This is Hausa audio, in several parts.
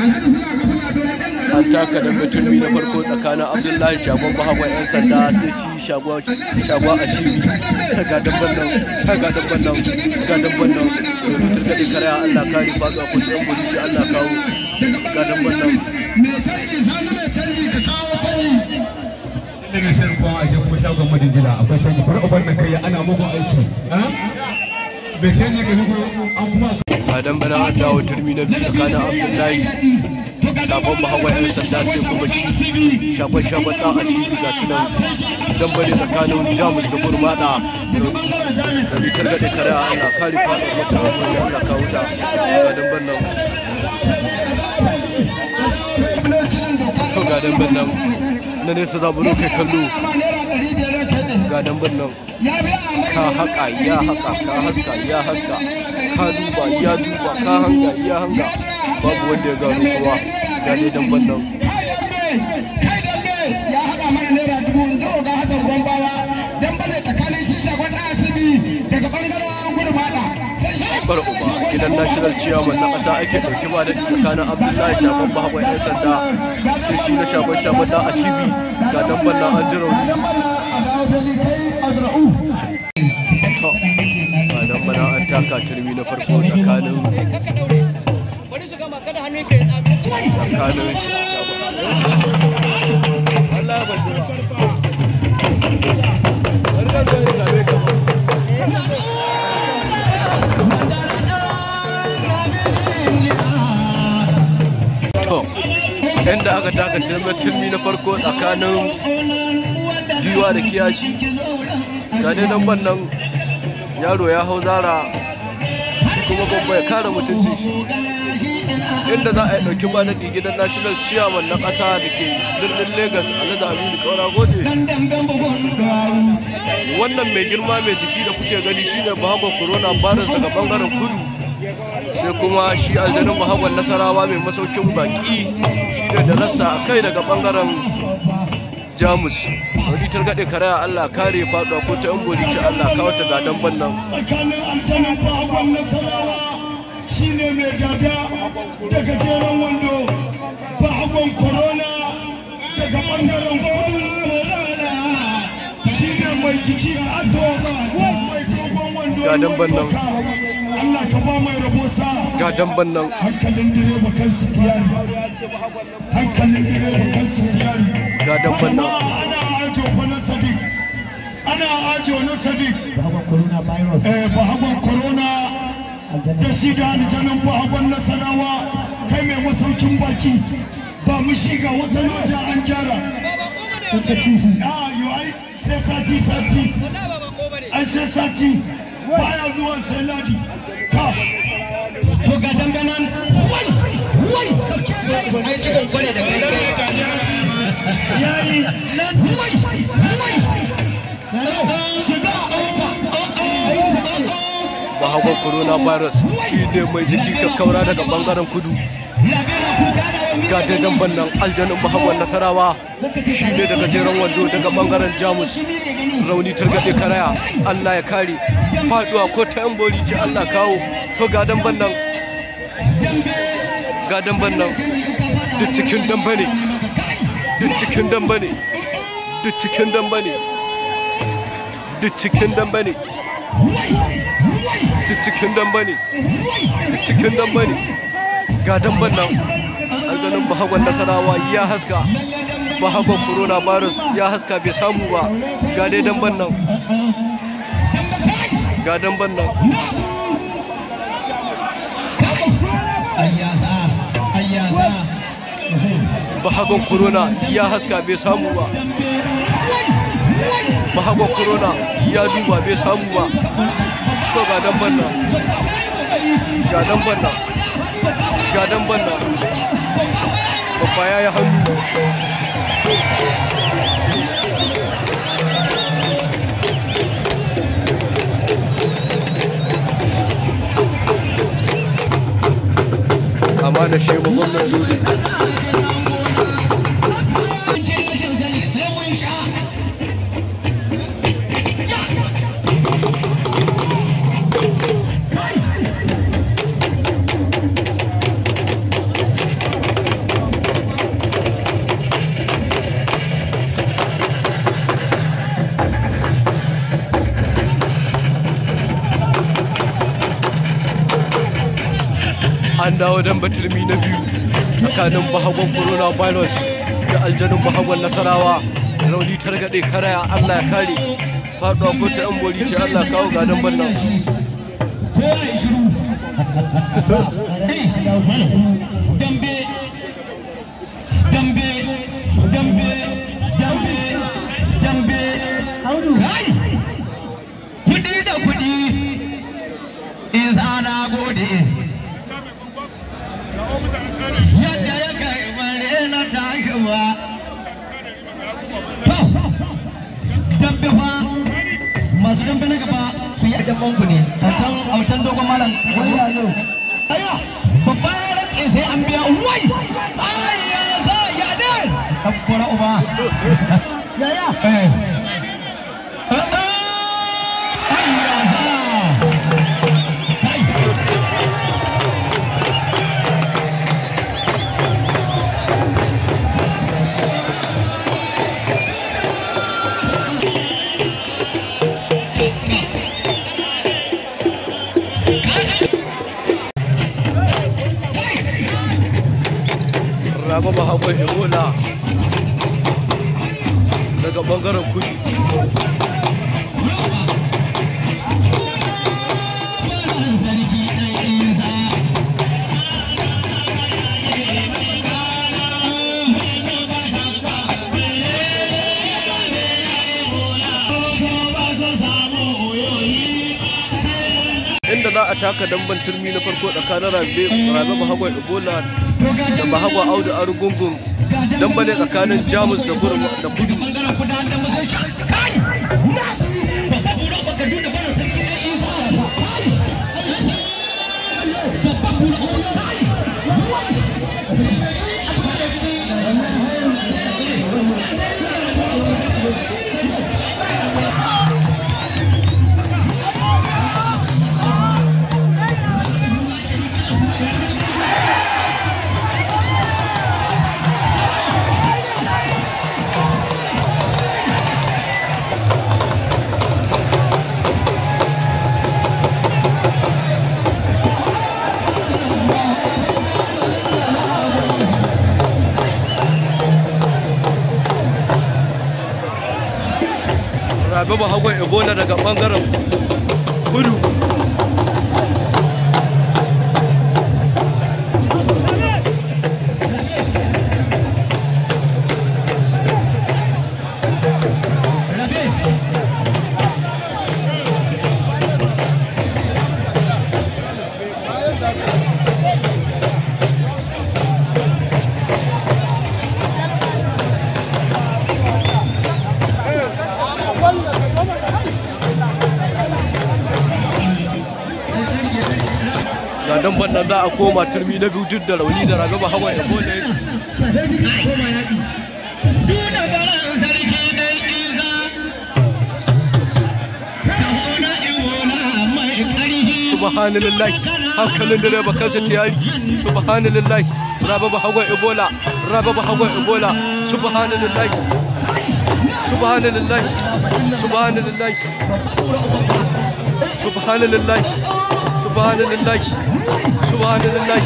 an taka da mutumi na farko tsakanin abdullahi shagon bahawa yan sanda sai shi shagon a ga dabban nan ga dabban nan ga dabban nan da allah polisi allah kawo ga dabban nan shagon akwai canji kai ana aiki bai canji ga an kuma Adam bana an dawo turmi na biyu kana abdullahi sabon mahawa yan sanda sai kuma shi shagon ta a shi ga su nan dan bane tsakanin jamus da gurmada da bitar da kare a ana kare fada mata wani ana kawo ta sadan bannan ga dan bannan na nesa bu kai kallo ga dan bannan ka haka ya haka ka haska ya haska ka duba ya duba ka hanga ya hanga babu wanda ya gano kowa ga dai dan bannan ya haɗa mana naira dubu in zo ga hasan gwambawa dan bane tsakanin shi da gwanda asibi daga bangaren gudu mata bar uba gidan national chairman na ƙasa ake ɗauki ba da tsakanin abdullahi shaban bahaban yan sanda sai shi na shaban shaban da asibi ga dan bannan an ji rauni taka turmi na farko tsakanin yadda aka taka turmi na farko tsakanin giwa da kiyashi ga ban nan yaro ya hau zara kuma gwamba ya kare mutunci shi inda za a yi ɗauki ba gidan national chairman na ƙasa da ke birnin lagos a alhaji da kaura goje wannan mai girma mai jiki da kuke gani shine bahagon corona virus daga bangaren kudu sai kuma shi aljanin bahagon nasarawa mai masaukin baki shine da rasta a kai daga bangaren jamus wani targaɗe karaya allah kare faɗuwa ko ta yan boli allah kawata ta gadon da gajeren wando bahagon corona daga bangaren gwamnati shi ne mai jiki a ato mai wando ga damban nan Allah ka ba mai ga damban nan hankalin Ba kan su hankalin kan su ga damban nan ana ajo fa na sadiq ana ajo na sadiq corona virus eh corona da shi da aljanin ba hagon nasarawa kai mai masaukin baki ba mu shi ga wata loja an gyara a yi ah, sai sati sati sai sati baya zuwa sai ladi ka to ga wai wai yayi wai wai corona virus shi ne mai jiki kaura daga bangaren kudu ga daidan bannan aljanin bahagon nasarawa shi ne daga jeren wando daga bangaren jamus rauni targaɗe karaya allah ya kare faduwa ko ta yan bori ce allah kawo ko ga damban nan ga damban nan duk cikin damba ne duk cikin damba ne duk cikin duk cikin ne duk cikin damba ne duk cikin damba ne ga damban nan aljanin bahagon nasarawa ya haska bahagon corona virus ya haska bai samu ba ga dai damban nan ga damban nan bahagon corona ya haska bai samu ba bahagon corona ya duba bai samu ba ko ga dan banna ga dan banna ga dan banna babba ya yi hannu amma da shi gwamnan dole dawo don batulmi na biyu tsakanin bahagon coronavirus da aljanin bahagon nasarawa rauni targaɗe karaya allah ya kare faɗuwa ko ta yan bori ce allah kawo gadon bannan Kuɗi da kuɗi, in na gode. dan ne dogon malam wani yayo aya ya rantse an biya wai ai ya uba yaya eh. a taka damban turmi na farko tsakanin rabe rabe bahagwa ebola da bahagwa audu arugungun damban ne tsakanin jamus da kudu da kudu Thank you. harba hagon ebola daga bangaren kudu koma turmi na biyu duk da rauni da ragaba hawa ya bole hankalin kansa ebola ebola subhanallah subhanallah subhanallah subhanallah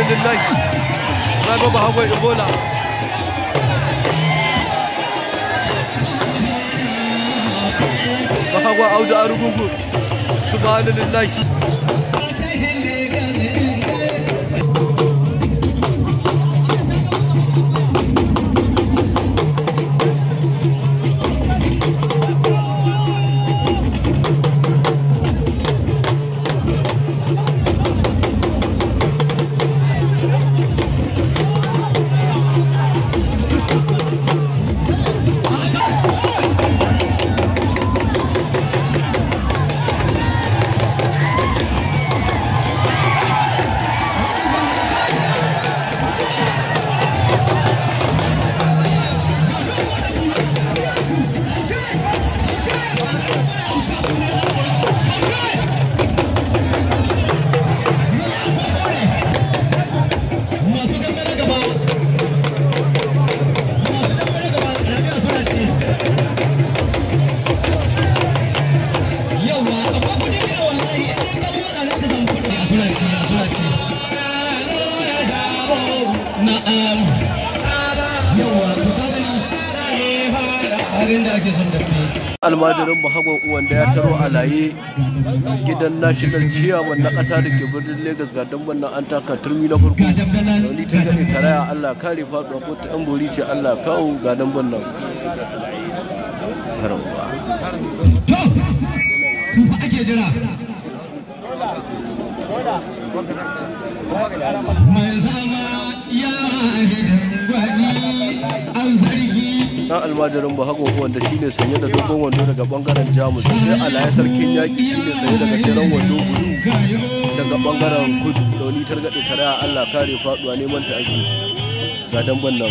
subhanallah subhanallah raba ba hawa ibola ba hawa audu arugungu subhanallah almajirin bahagon wanda ya taro a laye gidan national ciyawan na kasa da ke birnin Legas ga dan nan an taka turmi na farko wani ta gaɗe karaya allah kare faɗuwa ko ta yan bori ce allah kawo ga damban nan dan almajirin ba hago wanda shine sanye da dogon wando daga bangaren jamus sai alaya sarkin yaki shine sanye daga kiran wando gudu daga bangaren kudu da wani targaɗe tare a allah kare faduwa neman ta ake ga damban nan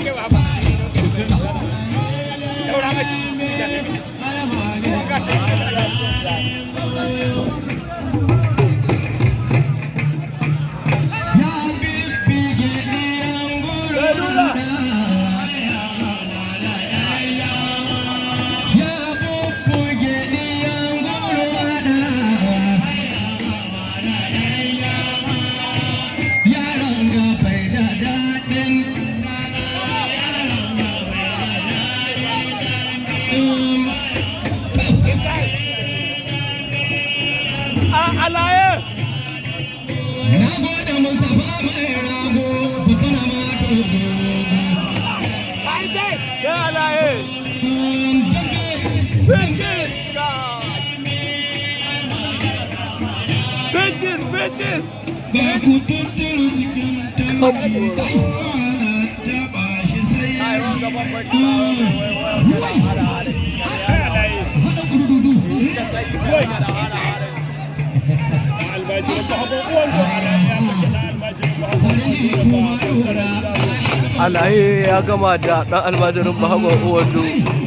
this? Alaye ya gama da ɗan almajirin Muhammad Uwandu.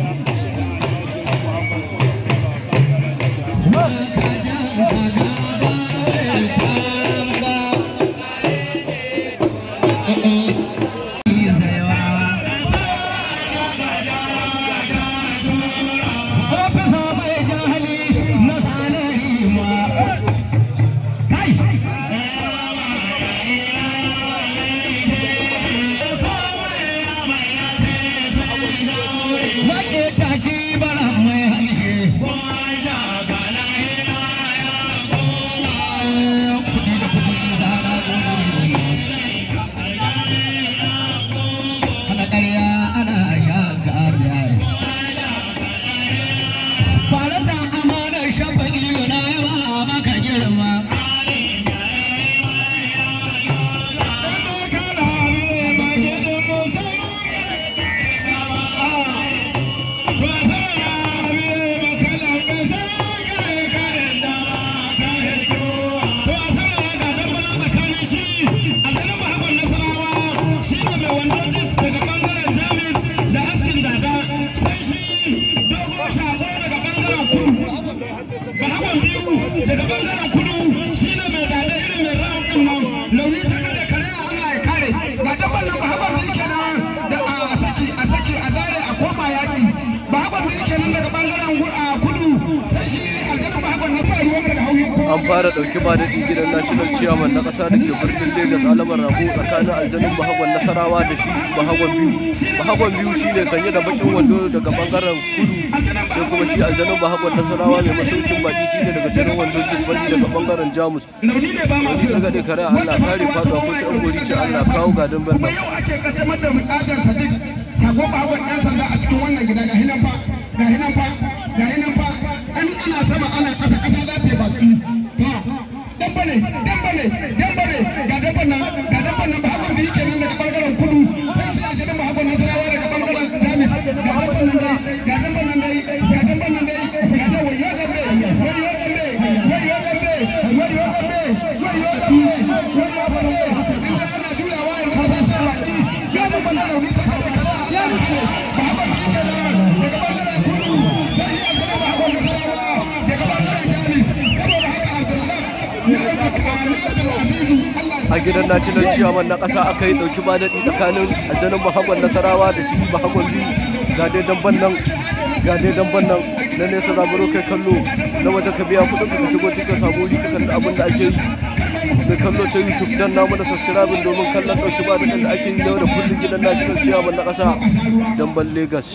fara ɗauki ba daɗi gidan national chairman na ƙasa da ke birnin lagos alamar rabu tsakanin aljanin bahagon nasarawa da shi bahagon biyu bahagon biyu shi ne sanye da bakin wando daga bangaren kudu sai kuma shi aljanin bahagon nasarawa mai masaukin baki shi ne daga jerin wando cisbali daga bangaren jamus wani daga ɗai kare allah kare faɗuwa ko ta angori ce allah kawo gadon birnin. ka goma hawa ɗan sanda a cikin wannan gida ga hinan fa ga hinan fa ga hinan fa ana sama ana ƙasa ƙasa za ta yi baƙi dambale dambale dambale ga dabban nan ga bi kenan daga bangaren kuɗu. a gidan national chairman na ƙasa aka yi ɗauki ba tsakanin aljanin muhammad nasarawa da shi bahagwan biyu ga dai damban nan ga dai damban nan na nesa zaburo kai kallo na wata ka biya kuɗin ka shigo cikin samu wuri ka abin da ake yi mai kallo ta youtube don namu da subscribe domin kallon ɗauki ba da ake yi yau da kullum gidan national chairman na ƙasa damban lagos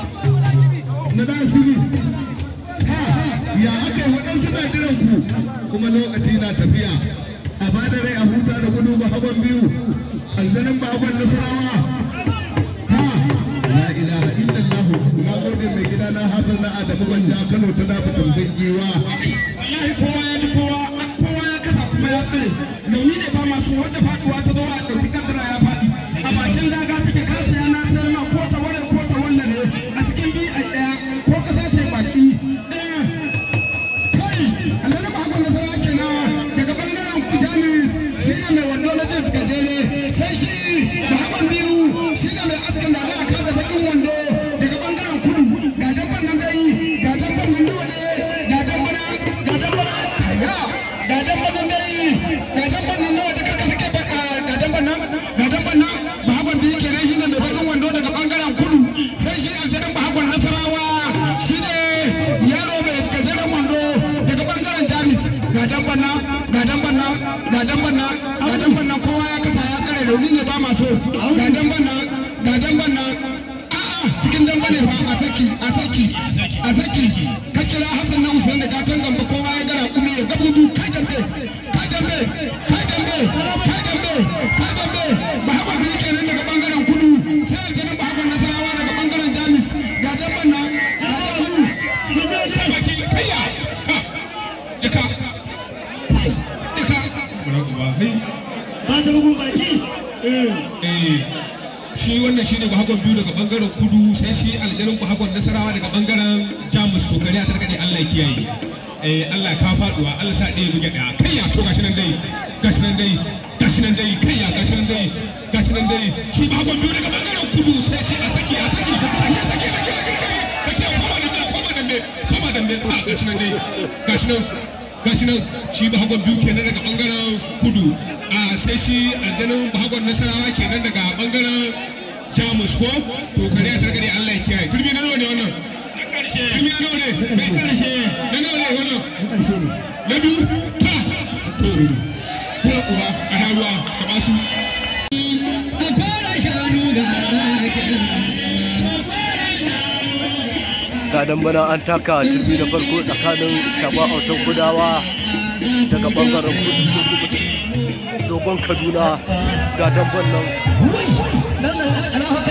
na nasiri ya haka yi waɗansu na jiran ku kuma lokaci na tafiya a bada rai a huta da gudu ba hawan biyu aljanin ba hawan nasarawa ha la ilaha illallah na gode mai gida na hafin na adamu wanda kano ta dafa tambayi giwa wallahi kowa ya ji kowa kowa ya kasa kuma ya tsare domin ne ba masu wanda faduwa ta zo a ɗauki kadara ya faɗi a bakin daga ta ga banna nan ga damban kowa ya kafa ya kare domin ya ba maso ga damban nan ga damban nan a'a cikin damban ne ba a saki a saki a saki ka kira Hassan na Hussein da ku hagon biyu daga bangaren kudu sai shi aljarin ku hagon nasarawa daga bangaren jamus to kariya ta rikade Allah kiyaye eh Allah ka faduwa Allah sa ɗaya buge ɗaya kai ya to gashi nan dai gashi nan dai gashi nan dai kai ya gashi nan dai gashi nan dai shi ba hagon biyu daga bangaren kudu sai shi a saki a saki a saki a saki a saki kake koma da koma da me koma da me a gashi nan dai gashi nan gashi nan shi ba hagon biyu kenan daga bangaren kudu a ah, sai shi aljarin ba hagon nasarawa kenan daga bangaren jamus ko to kare ta gari Allah ya kiyaye turmi na nawa ne wannan na karshe turmi na nawa ne na karshe na nawa ne wannan na karshe ne na biyu ta to kula uba a ruwa ka ba su a fara shanu ga gadan bana an taka turbi da farko tsakanin shaba autan gudawa daga bangaren kudu sun dogon kaduna gadan bannan না না না